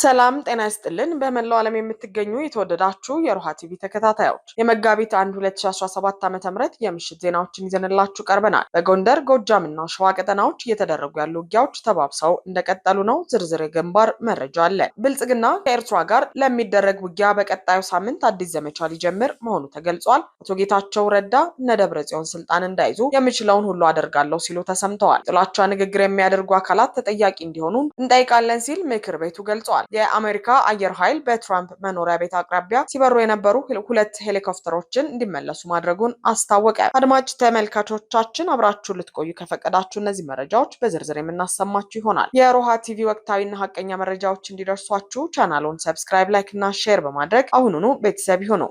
ሰላም ጤና ይስጥልን። በመላው ዓለም የምትገኙ የተወደዳችሁ የሮሃ ቲቪ ተከታታዮች የመጋቢት 1 2017 ዓ ም የምሽት ዜናዎችን ይዘንላችሁ ቀርበናል። በጎንደር ጎጃምና ሸዋ ቀጠናዎች እየተደረጉ ያሉ ውጊያዎች ተባብሰው እንደቀጠሉ ነው። ዝርዝር ግንባር መረጃ አለ። ብልጽግና ከኤርትራ ጋር ለሚደረግ ውጊያ በቀጣዩ ሳምንት አዲስ ዘመቻ ሊጀምር መሆኑ ተገልጿል። አቶ ጌታቸው ረዳ እነ ደብረ ጽዮን ስልጣን እንዳይዙ የምችለውን ሁሉ አደርጋለሁ ሲሉ ተሰምተዋል። ጥላቻ ንግግር የሚያደርጉ አካላት ተጠያቂ እንዲሆኑ እንጠይቃለን ሲል ምክር ቤቱ ገልጿል። የአሜሪካ አየር ኃይል በትራምፕ መኖሪያ ቤት አቅራቢያ ሲበሩ የነበሩ ሁለት ሄሊኮፕተሮችን እንዲመለሱ ማድረጉን አስታወቀ። አድማጭ ተመልካቾቻችን አብራችሁ ልትቆዩ ከፈቀዳችሁ እነዚህ መረጃዎች በዝርዝር የምናሰማችሁ ይሆናል። የሮሃ ቲቪ ወቅታዊና ሀቀኛ መረጃዎች እንዲደርሷችሁ ቻናሉን ሰብስክራይብ፣ ላይክ እና ሼር በማድረግ አሁኑኑ ቤተሰብ ይሁኑ።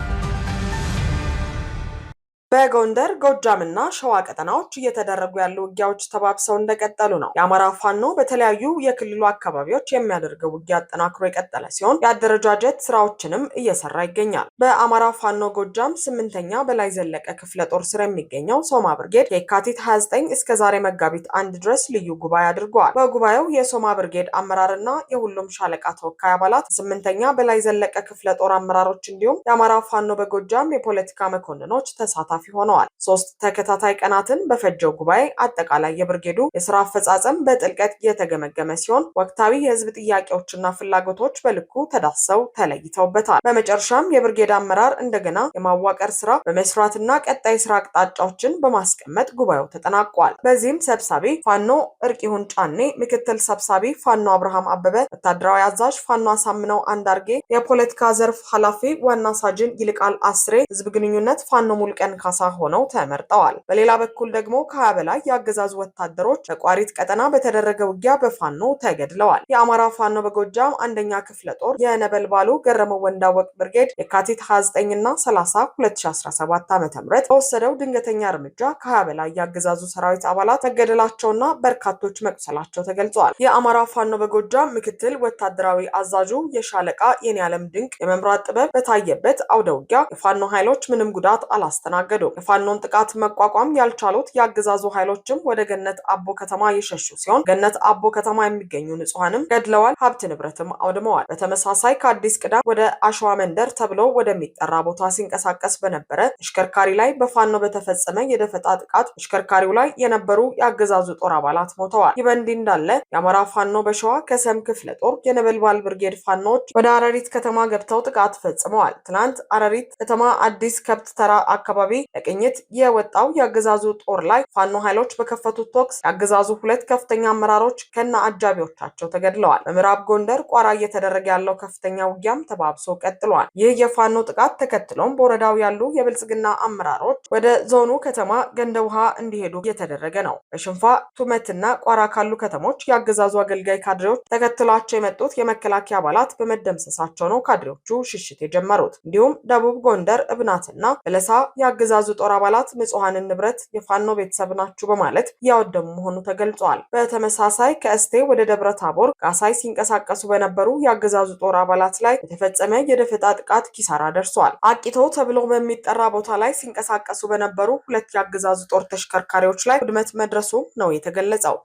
በጎንደር ጎጃምና ሸዋ ቀጠናዎች እየተደረጉ ያሉ ውጊያዎች ተባብሰው እንደቀጠሉ ነው። የአማራ ፋኖ በተለያዩ የክልሉ አካባቢዎች የሚያደርገው ውጊያ አጠናክሮ የቀጠለ ሲሆን የአደረጃጀት ስራዎችንም እየሰራ ይገኛል። በአማራ ፋኖ ጎጃም ስምንተኛ በላይ ዘለቀ ክፍለ ጦር ስር የሚገኘው ሶማ ብርጌድ የካቲት 29 እስከ ዛሬ መጋቢት አንድ ድረስ ልዩ ጉባኤ አድርገዋል። በጉባኤው የሶማ ብርጌድ አመራርና የሁሉም ሻለቃ ተወካይ አባላት፣ ስምንተኛ በላይ ዘለቀ ክፍለ ጦር አመራሮች እንዲሁም የአማራ ፋኖ በጎጃም የፖለቲካ መኮንኖች ተሳታፊ ተሳታፊ ሆነዋል። ሶስት ተከታታይ ቀናትን በፈጀው ጉባኤ አጠቃላይ የብርጌዱ የስራ አፈጻጸም በጥልቀት የተገመገመ ሲሆን ወቅታዊ የህዝብ ጥያቄዎችና ፍላጎቶች በልኩ ተዳሰው ተለይተውበታል። በመጨረሻም የብርጌድ አመራር እንደገና የማዋቀር ስራ በመስራትና ቀጣይ ስራ አቅጣጫዎችን በማስቀመጥ ጉባኤው ተጠናቋል። በዚህም ሰብሳቢ ፋኖ እርቂሁን ጫኔ፣ ምክትል ሰብሳቢ ፋኖ አብርሃም አበበ፣ ወታደራዊ አዛዥ ፋኖ አሳምነው አንዳርጌ፣ የፖለቲካ ዘርፍ ኃላፊ ዋና ሳጅን ይልቃል አስሬ፣ ህዝብ ግንኙነት ፋኖ ሙልቀን ካሳ ሆነው ተመርጠዋል። በሌላ በኩል ደግሞ ከሀያ በላይ የአገዛዙ ወታደሮች በቋሪት ቀጠና በተደረገ ውጊያ በፋኖ ተገድለዋል። የአማራ ፋኖ በጎጃም አንደኛ ክፍለ ጦር የነበልባሉ ገረመው ወንዳወቅ ብርጌድ የካቲት 29 እና 30 2017 ዓ ም በወሰደው ድንገተኛ እርምጃ ከሀያ በላይ የአገዛዙ ሰራዊት አባላት መገደላቸውና በርካቶች መቁሰላቸው ተገልጿል። የአማራ ፋኖ በጎጃም ምክትል ወታደራዊ አዛዡ የሻለቃ የኔ ዓለም ድንቅ የመምራት ጥበብ በታየበት አውደ ውጊያ የፋኖ ኃይሎች ምንም ጉዳት አላስተናገዱ ታገዱ። የፋኖን ጥቃት መቋቋም ያልቻሉት የአገዛዙ ኃይሎችም ወደ ገነት አቦ ከተማ የሸሹ ሲሆን ገነት አቦ ከተማ የሚገኙ ንጹሐንም ገድለዋል፣ ሀብት ንብረትም አውድመዋል። በተመሳሳይ ከአዲስ ቅዳም ወደ አሸዋ መንደር ተብሎ ወደሚጠራ ቦታ ሲንቀሳቀስ በነበረ ተሽከርካሪ ላይ በፋኖ በተፈጸመ የደፈጣ ጥቃት ተሽከርካሪው ላይ የነበሩ የአገዛዙ ጦር አባላት ሞተዋል። ይህ በእንዲህ እንዳለ የአማራ ፋኖ በሸዋ ከሰም ክፍለ ጦር የነበልባል ብርጌድ ፋኖዎች ወደ አረሪት ከተማ ገብተው ጥቃት ፈጽመዋል። ትናንት አረሪት ከተማ አዲስ ከብት ተራ አካባቢ ለቅኝት የወጣው የአገዛዙ ጦር ላይ ፋኖ ኃይሎች በከፈቱት ተኩስ የአገዛዙ ሁለት ከፍተኛ አመራሮች ከነ አጃቢዎቻቸው ተገድለዋል። በምዕራብ ጎንደር ቋራ እየተደረገ ያለው ከፍተኛ ውጊያም ተባብሶ ቀጥሏል። ይህ የፋኖ ጥቃት ተከትሎም በወረዳው ያሉ የብልጽግና አመራሮች ወደ ዞኑ ከተማ ገንደ ውሃ እንዲሄዱ እየተደረገ ነው። በሽንፋ ቱመትና ቋራ ካሉ ከተሞች የአገዛዙ አገልጋይ ካድሬዎች ተከትሏቸው የመጡት የመከላከያ አባላት በመደምሰሳቸው ነው ካድሬዎቹ ሽሽት የጀመሩት። እንዲሁም ደቡብ ጎንደር እብናትና በለሳ የአገዛ የአገዛዙ ጦር አባላት ንጹሐንን ንብረት የፋኖ ቤተሰብ ናችሁ በማለት እያወደሙ መሆኑ ተገልጿል። በተመሳሳይ ከእስቴ ወደ ደብረ ታቦር ጋሳይ ሲንቀሳቀሱ በነበሩ የአገዛዙ ጦር አባላት ላይ የተፈጸመ የደፈጣ ጥቃት ኪሳራ ደርሷል። አቂቶ ተብሎ በሚጠራ ቦታ ላይ ሲንቀሳቀሱ በነበሩ ሁለት የአገዛዙ ጦር ተሽከርካሪዎች ላይ ውድመት መድረሱ ነው የተገለጸው።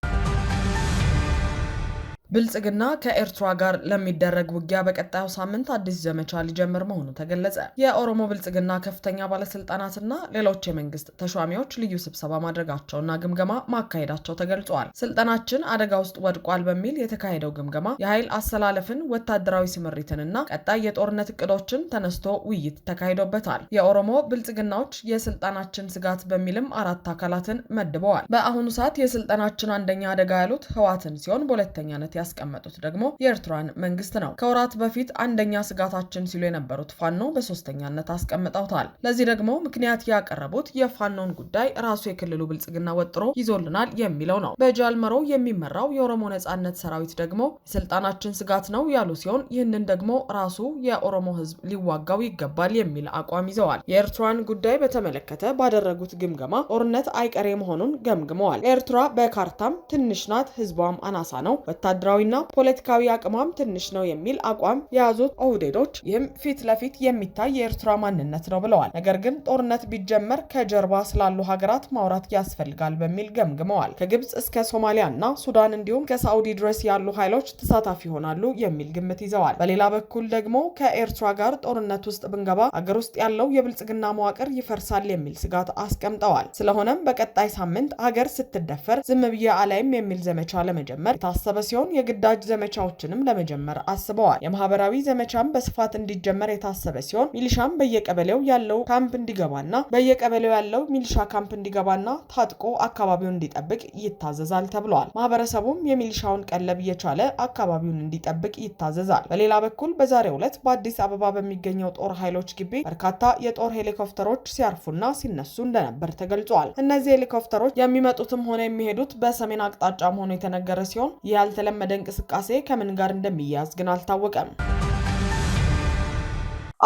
ብልጽግና ከኤርትራ ጋር ለሚደረግ ውጊያ በቀጣዩ ሳምንት አዲስ ዘመቻ ሊጀምር መሆኑ ተገለጸ። የኦሮሞ ብልጽግና ከፍተኛ ባለስልጣናትና ሌሎች የመንግስት ተሿሚዎች ልዩ ስብሰባ ማድረጋቸውና ግምገማ ማካሄዳቸው ተገልጿል። ስልጠናችን አደጋ ውስጥ ወድቋል በሚል የተካሄደው ግምገማ የኃይል አሰላለፍን፣ ወታደራዊ ስምሪትንና ቀጣይ የጦርነት እቅዶችን ተነስቶ ውይይት ተካሂዶበታል። የኦሮሞ ብልጽግናዎች የስልጣናችን ስጋት በሚልም አራት አካላትን መድበዋል። በአሁኑ ሰዓት የስልጣናችን አንደኛ አደጋ ያሉት ህዋትን ሲሆን በሁለተኛነት ያስቀመጡት ደግሞ የኤርትራን መንግስት ነው። ከወራት በፊት አንደኛ ስጋታችን ሲሉ የነበሩት ፋኖ በሶስተኛነት አስቀምጠውታል። ለዚህ ደግሞ ምክንያት ያቀረቡት የፋኖን ጉዳይ ራሱ የክልሉ ብልጽግና ወጥሮ ይዞልናል የሚለው ነው። በጃልመሮ የሚመራው የኦሮሞ ነጻነት ሰራዊት ደግሞ የስልጣናችን ስጋት ነው ያሉ ሲሆን ይህንን ደግሞ ራሱ የኦሮሞ ህዝብ ሊዋጋው ይገባል የሚል አቋም ይዘዋል። የኤርትራን ጉዳይ በተመለከተ ባደረጉት ግምገማ ጦርነት አይቀሬ መሆኑን ገምግመዋል። ኤርትራ በካርታም ትንሽ ናት፣ ህዝቧም አናሳ ነው። ወታደራዊ ወታደራዊና ፖለቲካዊ አቅሟም ትንሽ ነው የሚል አቋም የያዙት ኦህዴዶች ይህም ፊት ለፊት የሚታይ የኤርትራ ማንነት ነው ብለዋል። ነገር ግን ጦርነት ቢጀመር ከጀርባ ስላሉ ሀገራት ማውራት ያስፈልጋል በሚል ገምግመዋል። ከግብፅ እስከ ሶማሊያ ሱዳን እንዲሁም ከሳዑዲ ድረስ ያሉ ኃይሎች ተሳታፊ ይሆናሉ የሚል ግምት ይዘዋል። በሌላ በኩል ደግሞ ከኤርትራ ጋር ጦርነት ውስጥ ብንገባ አገር ውስጥ ያለው የብልጽግና መዋቅር ይፈርሳል የሚል ስጋት አስቀምጠዋል። ስለሆነም በቀጣይ ሳምንት ሀገር ስትደፈር ዝም ብዬ አላይም የሚል ዘመቻ ለመጀመር የታሰበ ሲሆን የግዳጅ ዘመቻዎችንም ለመጀመር አስበዋል። የማህበራዊ ዘመቻም በስፋት እንዲጀመር የታሰበ ሲሆን ሚሊሻም በየቀበሌው ያለው ካምፕ እንዲገባና በየቀበሌው ያለው ሚሊሻ ካምፕ እንዲገባና ታጥቆ አካባቢውን እንዲጠብቅ ይታዘዛል ተብሏል። ማህበረሰቡም የሚሊሻውን ቀለብ እየቻለ አካባቢውን እንዲጠብቅ ይታዘዛል። በሌላ በኩል በዛሬው ዕለት በአዲስ አበባ በሚገኘው ጦር ኃይሎች ግቢ በርካታ የጦር ሄሊኮፕተሮች ሲያርፉና ሲነሱ እንደነበር ተገልጿል። እነዚህ ሄሊኮፕተሮች የሚመጡትም ሆነ የሚሄዱት በሰሜን አቅጣጫ መሆኑ የተነገረ ሲሆን ይህ ያልተለመ የተለመደ እንቅስቃሴ ከምን ጋር እንደሚያያዝ ግን አልታወቀም።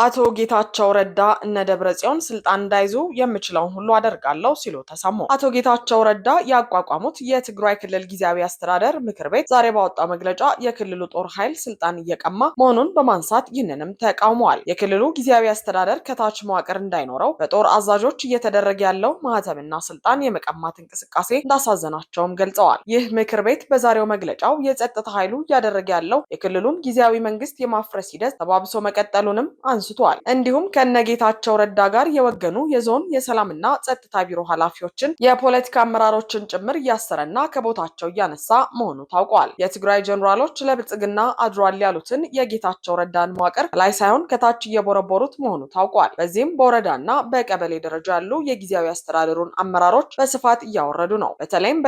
አቶ ጌታቸው ረዳ እነ ደብረ ጽዮን ስልጣን እንዳይዙ የምችለውን ሁሉ አደርጋለሁ ሲሉ ተሰሙ። አቶ ጌታቸው ረዳ ያቋቋሙት የትግራይ ክልል ጊዜያዊ አስተዳደር ምክር ቤት ዛሬ ባወጣው መግለጫ የክልሉ ጦር ኃይል ስልጣን እየቀማ መሆኑን በማንሳት ይህንንም ተቃውመዋል። የክልሉ ጊዜያዊ አስተዳደር ከታች መዋቅር እንዳይኖረው በጦር አዛዦች እየተደረገ ያለው ማህተምና ስልጣን የመቀማት እንቅስቃሴ እንዳሳዘናቸውም ገልጸዋል። ይህ ምክር ቤት በዛሬው መግለጫው የጸጥታ ኃይሉ እያደረገ ያለው የክልሉን ጊዜያዊ መንግስት የማፍረስ ሂደት ተባብሶ መቀጠሉንም አንሱ አንስተዋል። እንዲሁም ከነጌታቸው ረዳ ጋር የወገኑ የዞን የሰላምና ጸጥታ ቢሮ ኃላፊዎችን የፖለቲካ አመራሮችን ጭምር እያሰረና ከቦታቸው እያነሳ መሆኑ ታውቋል። የትግራይ ጀኔራሎች ለብልጽግና አድሯል ያሉትን የጌታቸው ረዳን መዋቅር ላይ ሳይሆን ከታች እየቦረቦሩት መሆኑ ታውቋል። በዚህም በወረዳና በቀበሌ ደረጃ ያሉ የጊዜያዊ አስተዳደሩን አመራሮች በስፋት እያወረዱ ነው። በተለይም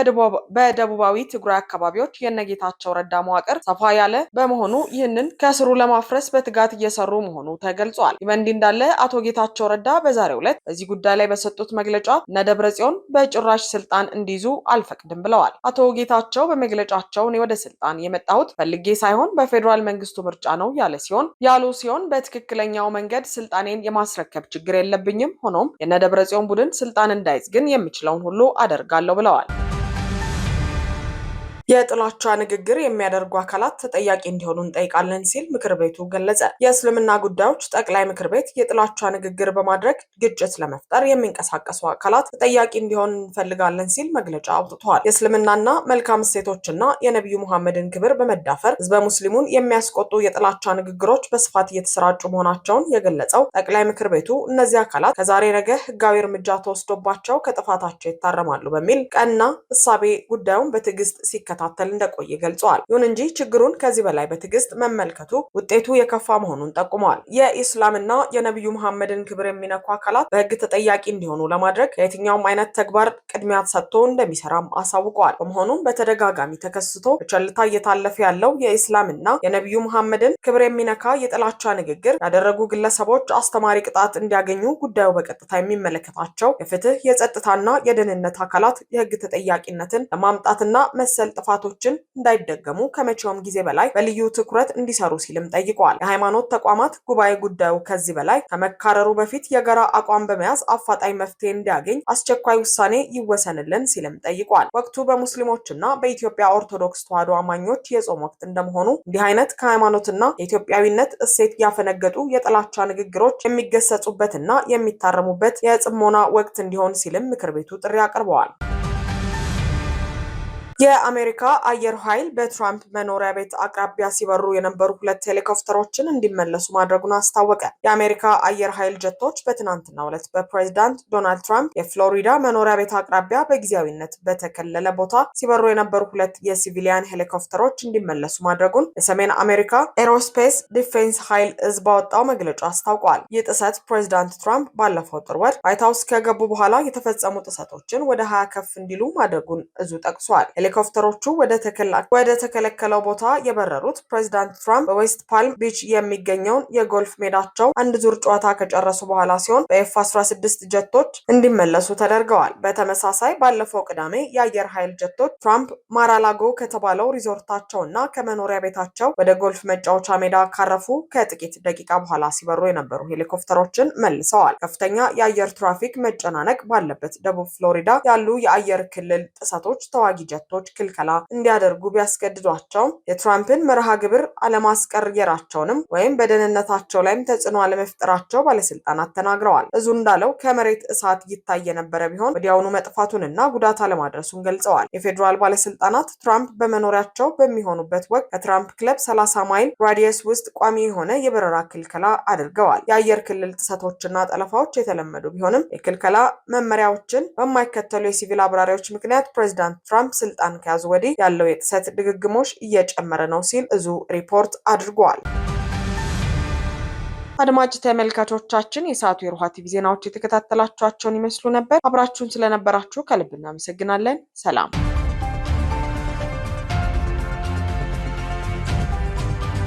በደቡባዊ ትግራይ አካባቢዎች የነጌታቸው ረዳ መዋቅር ሰፋ ያለ በመሆኑ ይህንን ከስሩ ለማፍረስ በትጋት እየሰሩ መሆኑ ተገ ገልጿል። በእንዲህ እንዳለ አቶ ጌታቸው ረዳ በዛሬው ዕለት በዚህ ጉዳይ ላይ በሰጡት መግለጫ እነ ጽዮን በጭራሽ ስልጣን እንዲይዙ አልፈቅድም ብለዋል። አቶ ጌታቸው በመግለጫቸው እኔ ወደ ስልጣን የመጣሁት ፈልጌ ሳይሆን በፌዴራል መንግስቱ ምርጫ ነው ያለ ሲሆን ያሉ ሲሆን በትክክለኛው መንገድ ስልጣኔን የማስረከብ ችግር የለብኝም። ሆኖም የነ ጽዮን ቡድን ስልጣን እንዳይዝ ግን የምችለውን ሁሉ አደርጋለሁ ብለዋል። የጥላቻ ንግግር የሚያደርጉ አካላት ተጠያቂ እንዲሆኑ እንጠይቃለን ሲል ምክር ቤቱ ገለጸ። የእስልምና ጉዳዮች ጠቅላይ ምክር ቤት የጥላቻ ንግግር በማድረግ ግጭት ለመፍጠር የሚንቀሳቀሱ አካላት ተጠያቂ እንዲሆን እንፈልጋለን ሲል መግለጫ አውጥተዋል። የእስልምናና መልካም እሴቶችና የነቢዩ መሐመድን ክብር በመዳፈር ህዝበ ሙስሊሙን የሚያስቆጡ የጥላቻ ንግግሮች በስፋት እየተሰራጩ መሆናቸውን የገለጸው ጠቅላይ ምክር ቤቱ እነዚህ አካላት ከዛሬ ነገ ህጋዊ እርምጃ ተወስዶባቸው ከጥፋታቸው ይታረማሉ በሚል ቀና እሳቤ ጉዳዩን በትዕግስት ሲከ ሲከታተል እንደቆየ ገልጸዋል። ይሁን እንጂ ችግሩን ከዚህ በላይ በትዕግስት መመልከቱ ውጤቱ የከፋ መሆኑን ጠቁመዋል። የኢስላምና የነቢዩ መሐመድን ክብር የሚነኩ አካላት በህግ ተጠያቂ እንዲሆኑ ለማድረግ ከየትኛውም አይነት ተግባር ቅድሚያ ሰጥቶ እንደሚሰራም አሳውቀዋል። በመሆኑም በተደጋጋሚ ተከስቶ በቸልታ እየታለፈ ያለው የኢስላምና የነቢዩ መሐመድን ክብር የሚነካ የጥላቻ ንግግር ያደረጉ ግለሰቦች አስተማሪ ቅጣት እንዲያገኙ ጉዳዩ በቀጥታ የሚመለከታቸው የፍትህ የጸጥታና የደህንነት አካላት የህግ ተጠያቂነትን ለማምጣትና መሰል ጥፋቶችን እንዳይደገሙ ከመቼውም ጊዜ በላይ በልዩ ትኩረት እንዲሰሩ ሲልም ጠይቀዋል። የሃይማኖት ተቋማት ጉባኤ ጉዳዩ ከዚህ በላይ ከመካረሩ በፊት የጋራ አቋም በመያዝ አፋጣኝ መፍትሄ እንዲያገኝ አስቸኳይ ውሳኔ ይወ ይወሰንልን ሲልም ጠይቋል። ወቅቱ በሙስሊሞችና በኢትዮጵያ ኦርቶዶክስ ተዋሕዶ አማኞች የጾም ወቅት እንደመሆኑ እንዲህ አይነት ከሃይማኖትና የኢትዮጵያዊነት እሴት ያፈነገጡ የጥላቻ ንግግሮች የሚገሰጹበትና የሚታረሙበት የጽሞና ወቅት እንዲሆን ሲልም ምክር ቤቱ ጥሪ አቅርበዋል። የአሜሪካ አየር ኃይል በትራምፕ መኖሪያ ቤት አቅራቢያ ሲበሩ የነበሩ ሁለት ሄሊኮፕተሮችን እንዲመለሱ ማድረጉን አስታወቀ። የአሜሪካ አየር ኃይል ጀቶች በትናንትናው ዕለት በፕሬዚዳንት ዶናልድ ትራምፕ የፍሎሪዳ መኖሪያ ቤት አቅራቢያ በጊዜያዊነት በተከለለ ቦታ ሲበሩ የነበሩ ሁለት የሲቪሊያን ሄሊኮፕተሮች እንዲመለሱ ማድረጉን የሰሜን አሜሪካ ኤሮስፔስ ዲፌንስ ኃይል እዝ ባወጣው መግለጫ አስታውቋል። ይህ ጥሰት ፕሬዚዳንት ትራምፕ ባለፈው ጥር ወር ዋይት ሀውስ ከገቡ በኋላ የተፈጸሙ ጥሰቶችን ወደ ሀያ ከፍ እንዲሉ ማድረጉን እዙ ጠቅሷል። ሄሊኮፕተሮቹ ወደ ተከለከለው ቦታ የበረሩት ፕሬዚዳንት ትራምፕ በዌስት ፓልም ቢች የሚገኘውን የጎልፍ ሜዳቸው አንድ ዙር ጨዋታ ከጨረሱ በኋላ ሲሆን በኤፍ 16 ጀቶች እንዲመለሱ ተደርገዋል። በተመሳሳይ ባለፈው ቅዳሜ የአየር ኃይል ጀቶች ትራምፕ ማራላጎ ከተባለው ሪዞርታቸው እና ከመኖሪያ ቤታቸው ወደ ጎልፍ መጫወቻ ሜዳ ካረፉ ከጥቂት ደቂቃ በኋላ ሲበሩ የነበሩ ሄሊኮፕተሮችን መልሰዋል። ከፍተኛ የአየር ትራፊክ መጨናነቅ ባለበት ደቡብ ፍሎሪዳ ያሉ የአየር ክልል ጥሰቶች ተዋጊ ጀቶች ድርጅቶች ክልከላ እንዲያደርጉ ቢያስገድዷቸውም የትራምፕን መርሃ ግብር አለማስቀየራቸውንም ወይም በደህንነታቸው ላይም ተጽዕኖ አለመፍጠራቸው ባለስልጣናት ተናግረዋል። እዙ እንዳለው ከመሬት እሳት ይታይ የነበረ ቢሆን ወዲያውኑ መጥፋቱንና ጉዳት አለማድረሱን ገልጸዋል። የፌዴራል ባለስልጣናት ትራምፕ በመኖሪያቸው በሚሆኑበት ወቅት ከትራምፕ ክለብ 30 ማይል ራዲየስ ውስጥ ቋሚ የሆነ የበረራ ክልከላ አድርገዋል። የአየር ክልል ጥሰቶችና ጠለፋዎች የተለመዱ ቢሆንም የክልከላ መመሪያዎችን በማይከተሉ የሲቪል አብራሪዎች ምክንያት ፕሬዚዳንት ትራምፕ ስልጣን ስልጣን ከያዙ ወዲህ ያለው የጥሰት ድግግሞሽ እየጨመረ ነው ሲል እዙ ሪፖርት አድርጓል። አድማጭ ተመልካቾቻችን የሰዓቱ የሮሃ ቲቪ ዜናዎች የተከታተላችኋቸውን ይመስሉ ነበር። አብራችሁን ስለነበራችሁ ከልብ እናመሰግናለን። ሰላም